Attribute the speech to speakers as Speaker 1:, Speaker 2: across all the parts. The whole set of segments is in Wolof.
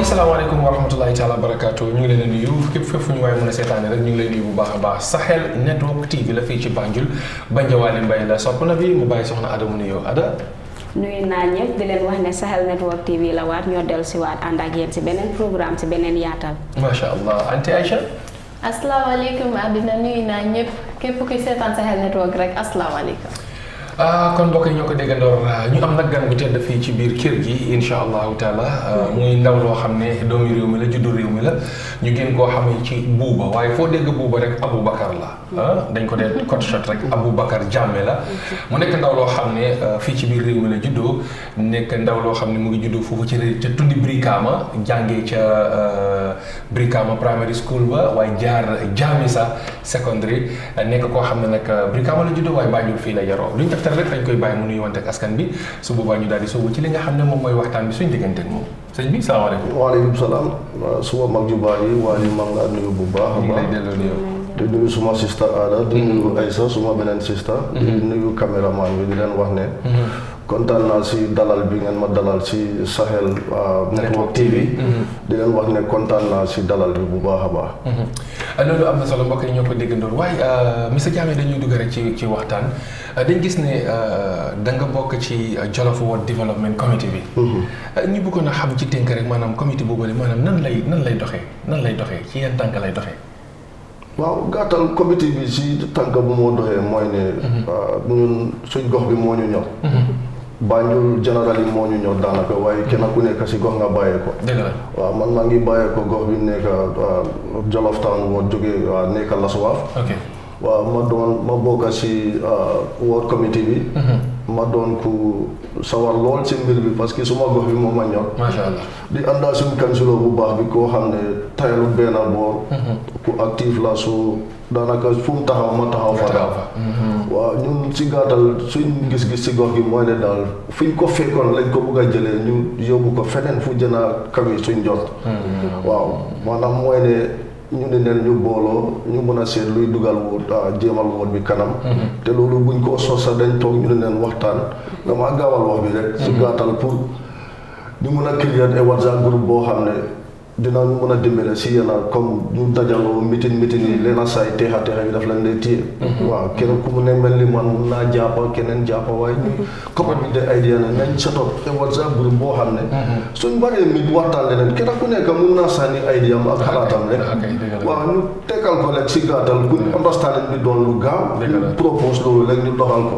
Speaker 1: yi salaamaaleykum wa rahmatulahi taala wa barakaatu ñu ngi leen di nuyu képp fépp fu ñu waaye mën a seetaane rek ñu ngi leen nuyu bu baax a baax Sahel Network TV la fii ci Banjul Banjawaale Mbaye la sopp na bi mu bàyyi soxna Ada mu nuyoo Ada
Speaker 2: nuyu naa ñëpp di leen wax ne Sahel Network TV la waat ñoo dellu si waat ànd ak yéen si beneen programme si beneen yaatal.
Speaker 1: macha allah anti Aïcha. asalaamaaleykum àddina nuyu naa ñëpp képp kuy seetaan Sahel Network rek asalaamaaleykum. ah kon mbokk yi ñoo ko déggandoor ah, ñu am nag gan gu tedd fii ci biir kër gi incha allahu taala ah, muy ndaw loo xam ne doomi réew mi la juddu réew mi la ñu gën koo xamee waaye foo dégg buuba rek Aboubacar la ah, dañ ko dee code shot rek Aboubacar Jammeh la mu nekk ndaw loo xam ne fii ci biir réew mi la juddoo nekk ndaw loo xam ne mu ngi juddoo foofu ci réew ca tundi Brikama jàngee ca Brikama primary school ba waaye jaar Jamisa secondary nekk koo xam ne nag Brikama la juddoo waaye Banjul fii la yaroo tëral rek dañ koy bàyyi mu nuyuwante ak askan bi su boobaa ñu daal di soobu ci li nga xam ne moom mooy waxtaan bi suñ diggante ak moom sëñ bi salaamaaleykum.
Speaker 2: waaleykum salaam suma mag ju baax yi waa mag laa nuyu bu baax. ñu ngi lay delloo nuyoo. di nuyu suma sista Ada. di nuyu mm-hmm. Aïssa suma beneen sista. Mm-hmm. di nuyu caméraman bi di leen wax ne. Mm-hmm. kontaan naa si dalal bi ngeen ma dalal si Sahel euh, network TV mm-hmm. di leen wax ne kontaan naa si dalal
Speaker 1: bi bu baax a baax mm-hmm. loolu am na solo mbokk yi ñoo ko déggandoon waaye euh, monsieur Jammeh dañuy dugg rek ci ci waxtaan euh, dañ gis ne da nga bokk ci Jollof Ward Development Committee bi mm-hmm. ñu bëggoon a xam ci tënk rek maanaam comité ne maanaam nan lay nan lay doxee nan lay doxee ci yan tànk lay doxe
Speaker 2: waaw gàttal comité bi si tànk bu moo doxee mooy ne suñ gox bi moo ñu ñor Banjul général yi moo ñu ñëw daanaka waaye kenn ku nekk si gox nga bàyyee ko. waaw man maa ngi bàyyee ko gox bi nekk euh, Jolof Town moo jógee nekk Lasuwaaf. waaw ma doon ma bokk si euh, ward committee bi. Mhm. ma doon ku sawar lool si mbir bi parce que suma gox bi moom ma ñor. macha allah di àndaa suñu kansiloo bu baax bi koo xam ne tayalu benn boor. Mhm. ku actif la su daanaka fu mu taxaw ma taxaw fa. ci gàttal suñ gis-gis ci gox gi mooy ne daal fuñ ko fekkoon lañ ko bëgg a jëlee ñu yóbbu ko feneen fu jën a kawe suñ jot. Mm-hmm. waaw maanaam mooy ne. ñu ne leen ñu booloo ñu mën a seet luy dugal woon ah, jéemal woon bi kanam. Mm-hmm. te loolu buñ ko sosa dañ toog ñu ne leen waxtaan. dama gaawal wax bi rek. si mm-hmm. gàttal pour ñu mën a créer WhatsApp groupe boo xam ne. dina ñu mëna dimbélé ci yéna comme ñu dajalo meeting meeting yi leena say téxa téxa yi daf lañ lay tié waaw kéne ku mu ne mel man na jappo kenen jappo way ñu mhm. comme bi de idea né nañ ci top té whatsapp bu bo xamné mhm. suñu bari mi waxtaan lenen kéne ku nekk mu na sani idea am ak xalaatam rek waaw ñu tékal ko rek ci gàttal ku understanding bi doon lu gaaw propose lolu rek ñu doxal ko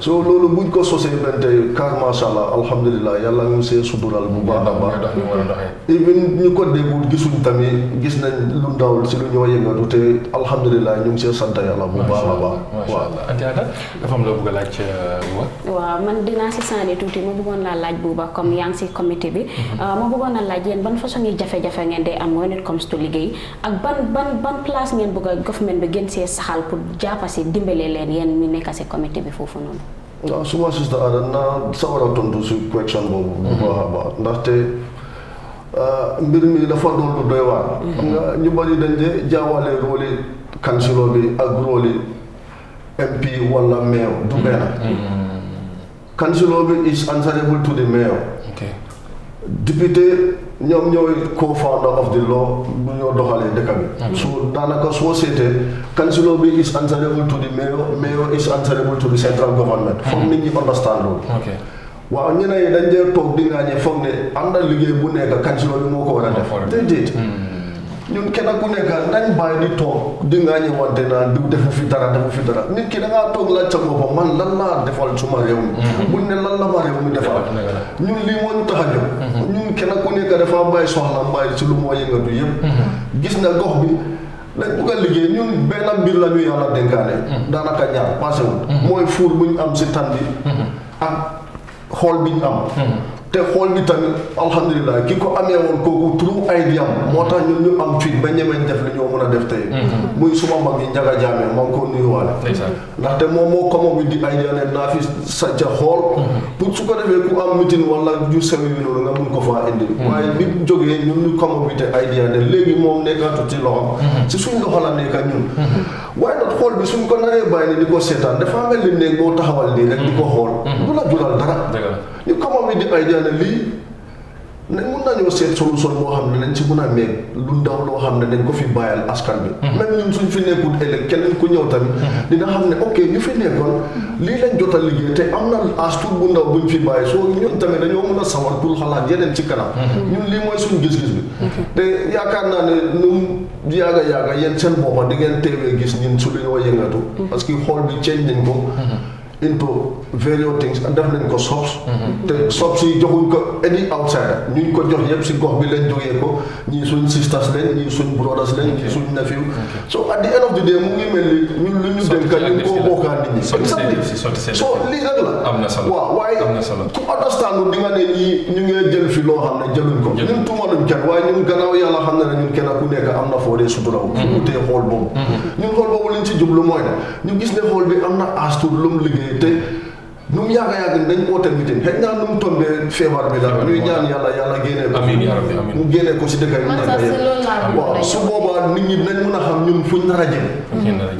Speaker 2: so lolu buñ ko sosé ben tay car ma sha Allah alhamdullilah yalla ñu sé sudural bu baax baax even ñu ko léegi gisuñ tamit gis nañ lu ndaw si lu ñoo yëngatu te alhamdulilah ñu ngi see sant yàlla bu
Speaker 1: baax euh,
Speaker 2: waaw man dinaa si sànni tuuti ma bëggoon laa laaj bu baax comme yaa si comité bi. Mhm. Euh, ma bëggoon a laaj yéen ban façon yi jafe-jafe ngeen di am when it comes to liggéey ak ban ban ban place ngeen bëgg a government bi gën see saxal pour jàppa si dimbale leen yéen ñu nekk si comité bi foofu noonu. waaw suma sista Ada naa sa war a Euh, mbir mi dafa doon lu doy waar. Mhm. xam nga ñu bëri dañ dee jaawale rôle kansilo bi ak rôle MP wala maire du mhm. benn. Mhm. kansilo bi is answerable to the mayor. député ñoom ñooy co-founder of the law bu ñoo doxalee dëkk bi. su daanaka soo seetee councilor bi is answerable to the mayor mayor is answerable to the central government. foog nit ñi understand loolu. waaw ñu ne dañ dee toog di ngaañee foog ne am na liggéey bu nekk kanciloo bi moo ko war a def déedéet hmm. ñun kenn ku nekk nañ bàyyi di toog di ngaañee wante naan diw defu fi dara defu dara nit ki da ngaa toog laaj sa boppam man lan laa defal suma réew mi hmm. buñ ne lan la ma réew mi defal ñun lii moo ñu tax a jóg hmm. ñun kenn ku nekk dafa bàyyi soxla bàyyi si lu moo yëngatu yëpp gis na gox bi dañ bugg liggéey ñun benn mbir la ñu yàlla dénkaane daanaka ñaar passé wul mooy fuur bu ñu am si tan bi ak xool bi ñu am. Hmm. te xool bi tamit alhamdulilah ki ko amee woon kooku turu ay di moo tax ñun ñu am ci ba ñemeñ def li ñoo mën a def tey mm-hmm. muy suma mag yi njaga jaame maa ngi ko nuyuwaale ndaxte moom moo koma bi di ay di ne naa fi sàcca xool mm-hmm. pour su ko defee ku am mitin wala ju sewi bi noonu nga mun ko faa indi mm-hmm. waaye bi jógee ñun ñu koma bi te ay di ne léegi moom nekkatu ci loxo si suñ loxo la nekka ñun waaye nag xool bi suñ ko naree bàyyi ni ko seetaan dafa mel ni néeg boo taxawal nii rek ko xool du la jural ni comment mi di ay jaana lii ne mun nañoo seet solution boo xam ne nañ si mun a meeg lu ndaw loo xam ne dañ ko fi bàyyal askan bi. Mhm. même ñun fi nekkul ëllëg keneen ku ñëw tamit. Mhm. dina xam ne ok ñu fi nekkoon lii lañ jot a liggéey te am na bu ndaw buñ fi bàyyi soo ñun tamit dañoo mun a sawar pour xalaat yeneen ci kanam. Mhm. ñun lii mooy suñu gis-gis bi. te yaakaar naa ne nu mu yaaga yaaga yéen seen boppam di ngeen teewee gis ñun su dañoo yëngatu. parce que xool bi ceeñ nañ ko. into various things def nañ ko SOPS. Mhm. te SOPS yi joxuñ ko any outsider ñu ko jox yëpp si gox bi lañ jógee ko ñii suñ sisters lañ ñii suñ brothers lañ ñii suñ nephew. so at the end of the day mu ngi mel ni ñun lu ñu so
Speaker 1: lii rek la. am na solo waaw waaye ku understand
Speaker 2: di nga ne ñii ñu ngi jël fi loo xam ne jëluñ ko. ñun tuuma luñ kenn waaye ñun gannaaw yàlla xam na ne ñun kenn ku nekk am na foo dee liñ ci jublu mooy ne ñu gis ne xool bi am na astur lu mu liggéey te nu mu yàgg a yàgg dañ koo tamit xëy naa nu mu tombee feebar bi daal ñuy ñaan yàlla yàlla génnee mu génnee ko si dëkk yi mu nekk waaw ñi dinañ mën a xam ñun fuñ nar a jëm.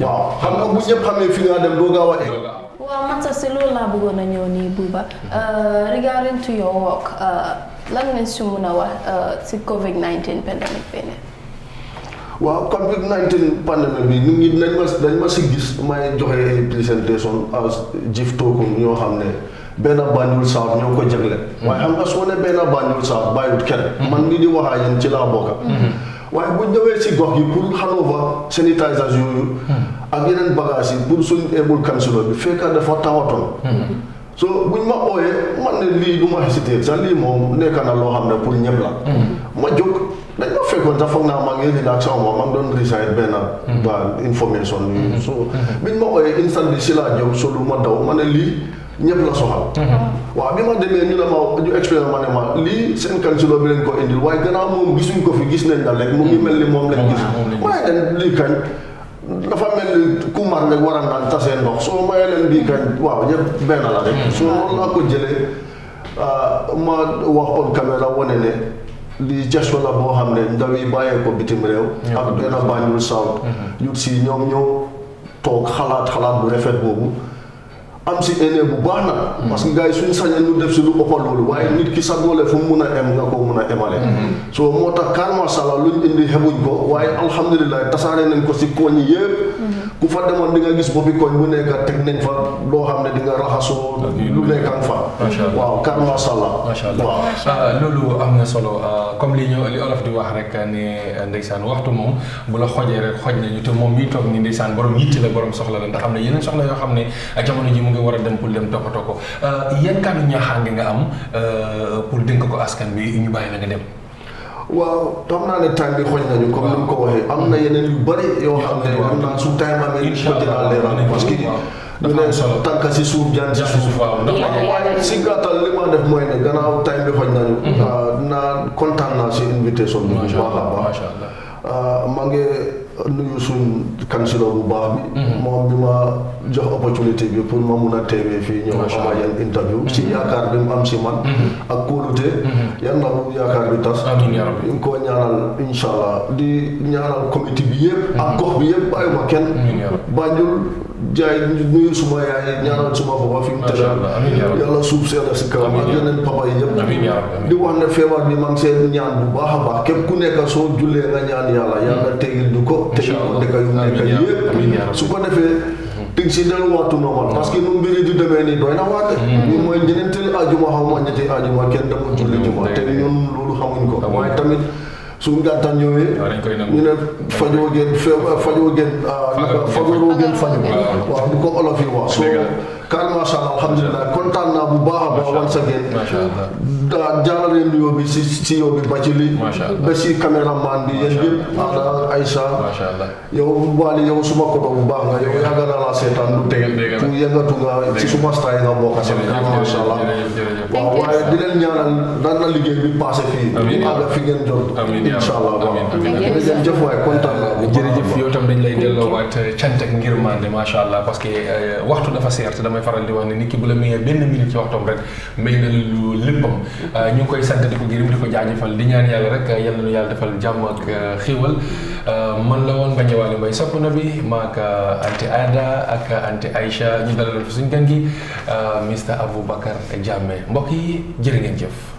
Speaker 2: waaw xam nga bu ñëpp xamee fi nga dem doo gaaw a egg.
Speaker 1: waaw Matsa si loolu laa bëggoon a ñëw nii Buba euh, regarding to your work euh, lan ngeen si mun a wax euh, si COVID 19 pandemic bi ne.
Speaker 2: waaw Covid 19 pandémie bi ñu ngi dañ ma dañ ma si gis may joxe ay présentation as jëf toogu ñoo xam ne benn Banjul South ñoo ko jagle. waaye xam nga soo ne benn Banjul South bàyyiwut kenn. Mhm. man mii di wax ak yéen ci laa bokk. Mhm. waaye bu ñëwee si gox yi pour Hanover sanitisation yooyu. Mhm. ak yeneen bagages yi pour suñu able councilor bi fekk dafa tawatoon. so buñ ma ooyee man ne lii du ma sax lii moom nekk na loo xam ne pour ñëpp la. ma jóg. dañ ma fekkoon sax foog naa maa ngi yëg ak sama maa ngi doon resign benn hmm. ba information yu hmm. so hmm. biñ ma ooyee instant bi si laa jóg so lu ma daw ma ne lii ñëpp la soxal waaw bi ma demee ñu ne ma ñu expliqué ma ne ma lii seen kansilo bi leen ko indil waaye gannaaw moom gisuñ ko fi gis nañ la lekk mu ngi mel ni moom lañ gis waaye dañ lii kañ dafa mel ni ku mar nga war a naan tasee ndox soo mayee leen bii kañ waaw ñëpp benn la rek soo loolu laa ko jëlee ah, ma wax on di gesto la boo xam ne ndaw yi bàyyee ko bitim réew ak benn Banjul Sound ñu mm-hmm. si ñoom ñëw toog xalaat xalaat bu rafet boobu am si éne bu baax nag. parce que gars yi suñu def si lu ëppal loolu waaye nit ki sa doole fu mu mun a em nga ko mun a emale. Mm-hmm. so moo tax kaar macha allah luñ indi xebuñ ko waaye ko si koñ yi mm-hmm. ku fa demoon di nga gis boppi koñ bu nekk teg
Speaker 1: nañ fa loo xam ne di nga raxasoo. lu nekk ak fa. waaw kaar macha allah. macha allah waaw ah, loolu am na solo ah, comme li ñu li olof di wax rek ne eh, ndeysaan waxtu moom bu la xojee rek xoj nañu te moom miy toog ni ndeysaan borom yitte la borom soxla la ndax am na yeneen soxla yoo xam ne ah, jamono ji mu mi war a dem pour dem toppatoo ko euh, yan kàddu nga am euh, pour dénk ko askan bi ñu bàyyi la nga dem.
Speaker 2: waaw xam naa ne time bi xooj nañu comme ni ko waxee am na yeneen yu bëri yoo xam ne am naa su time amee dinaa leeral parce que ñu ne tànk si suuf jaan si suuf si gàttal li ma def mooy ne gannaaw time bi xooj mhm. ah, kontaan naa si invitation bi bu baax a baax ah, maa nuyu suñ kansiloo bu baax bi mhm. moom bi ma jox opportunité bi pour ma mun a teewee fii ñëw ama yan interview si mhm. yaakaar bi mu am si man mhm. ak kóolute yan na bu yaakaar bi tas ñu ko ñaanal insha di ñaanal comité bi yëpp ak gox bi yëpp bàyyi ma kenn Banjul jaay nuyu suma yaay ñaanal suma papa fi mu tëral yàlla suuf seeda si kawam ak yeneen papa yi yëpp di wax ne feebar bi maa ngi seen ñaan bu baax a baax képp ku nekk soo jullee nga ñaan yàlla yàlla tegil du ko tegil ko dëkk yu nekk yëpp su ko defee dig si delluwaatu normal parce que nu mbiri di demee nii doy na waate mm. ñun mooy ñeneenteel ajuma xaw ma ñetti ajuma kenn demul julli mm. juma te ñun loolu xamuñ ko waaye tamit su ngàntaan ñëwee. ñu ne fajoo ngeen feeb ah, fajoo ngeen. fajoo ngeen fajoo. waaw ni ko olof yi wax. dëgg la soo kàr macha allah alhamdulilah kontaan naa bu baax once again daa jaarale nuyoo bi si si yow bi ba ci li ba si caméraman bi yéen yëpp Ada Aïcha yow Wally yow suma koto bu baax nga yow yàgg naa la seetaan lu tey ku yëngatu nga ci suma style nga bokk si masha Allah waaw waaye
Speaker 1: bi passé fii mu àgg fi ngeen jot insha Allah waaw jërëjëf waay kontaan naa jërëjëf yow tam eh, parce que eh, waxtu dafa seer te damay faral di wax ne nit ki bu la mayee benn minute ci waxtoom rek may na lu léppam mm-hmm. euh, ñu koy sant di ko di ko jaajëfal li ñaan yàlla rek yal na nu yàlla defal jàmm ak euh, xiiwal euh, man la woon Mbagnick Wally Mbaye sopp na bi maak anti Aida ak anti Aïcha ñu dalal fi suñ gan gi Mr Aboubacar Jammeh mbokk yi jërë ngeen jëf